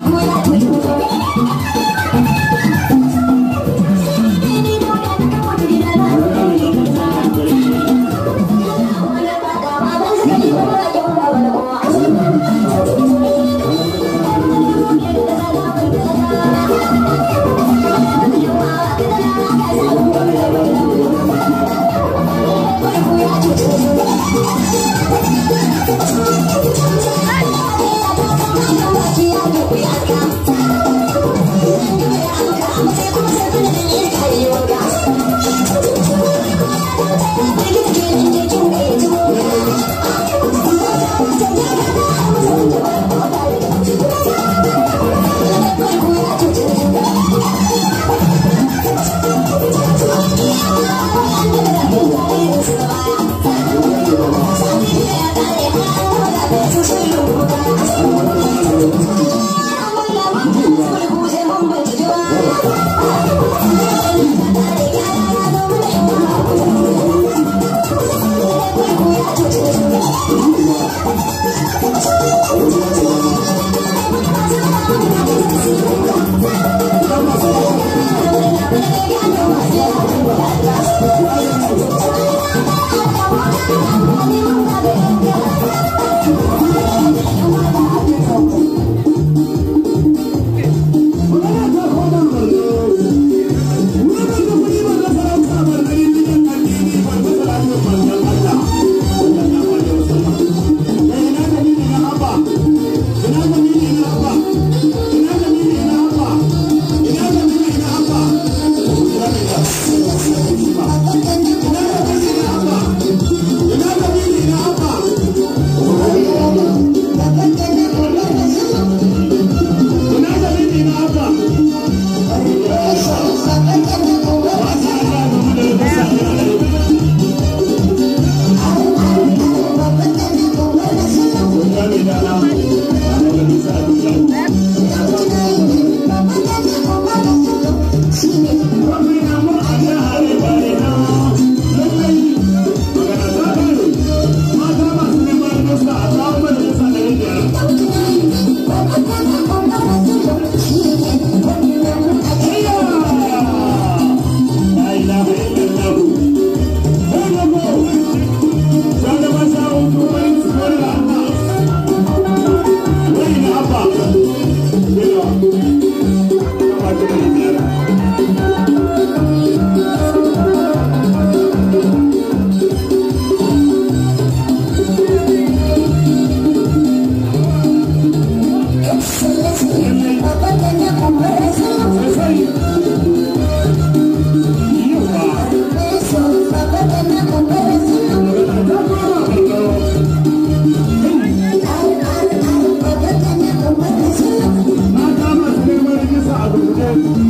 Cuidado. Thank you.